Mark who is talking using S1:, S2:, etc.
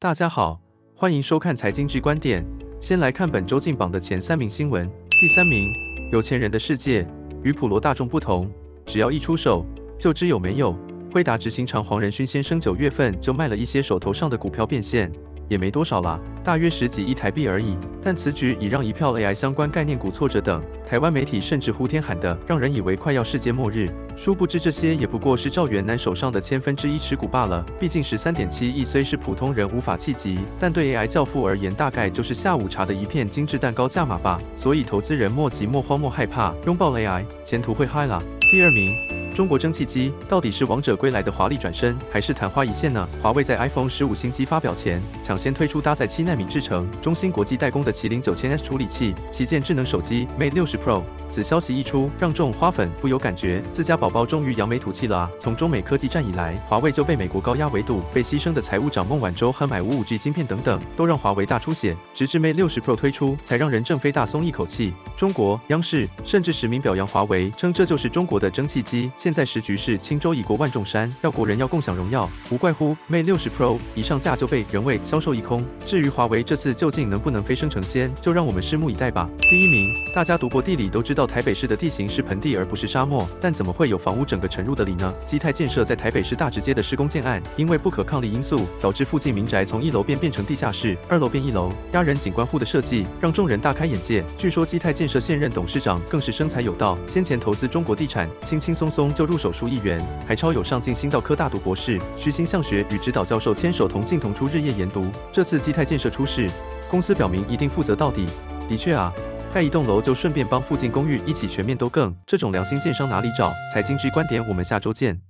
S1: 大家好，歡迎收看《財經 Ｇ 觀點》。先來看本周進榜的前三名新聞。第三名：有錢人的世界與普羅大眾不同，只要一出手就知有沒有。輝達執行長黃仁勳先生九月份就賣了一些手頭上的股票變現。也沒多少啦，大約十幾億台幣而已。但此舉已讓一票 AI 相關概念股挫著等，台灣媒體甚至呼天喊地，讓人以為快要世界末日。殊不知這些也不過是兆元男手上的千分之一持股罷了。畢竟十三點七億雖是普通人無法企及，但對 AI 教父而言，大概就是下午茶的一片精緻蛋糕價碼吧。所以投資人莫急莫慌莫害怕，擁抱 AI，錢途會嗨啦。第二名。中國爭氣機到底是王者歸來的華麗轉身，還是曇花一現呢？華為在 iPhone 十五新機發表前，搶先推出搭載七納米製程、中芯國際代工的麒麟九千 S 處理器，旗艦智能手機 Mate 六十 Pro。此消息一出，讓眾花粉不由感覺自家寶寶終於揚眉吐氣了啊！從中美科技戰以來，華為就被美國高壓圍堵，被犧牲的財務長孟晚舟和買 5G 芯片等等，都讓華為大出血。直至 Mate 60 Pro 推出，才讓任正非大鬆一口氣。中國央視甚至實名表揚華為，稱這就是中國的蒸汽機。現在時局是輕舟已過萬重山，要國人要共享榮耀，無怪乎 Mate 60 Pro 一上架就被人為銷售一空。至於華為這次究竟能不能飛升成仙，就讓我們拭目以待吧。第一名，大家讀過地理都知道。台北市的地形是盆地，而不是沙漠，但怎麼會有房屋整個沉入的理呢？基泰建設在台北市大直街的施工建案，因為不可抗力因素，導致附近民宅從一樓變變成地下室，二樓變一樓。壓人景觀戶的設計讓眾人大開眼界。據說基泰建設現任董事長更是生財有道，先前投資中國地產，輕輕鬆鬆就入手數億元，還超有上進心，到科大讀博士，虛心向學，與指導教授牽手同進同出，日夜研讀。這次基泰建設出事，公司表明一定負責到底。的確啊。蓋一棟樓就順便幫附近公寓一起全面都更，這種良心建商哪裡找？財經 Ｇ 觀點，我們下週見。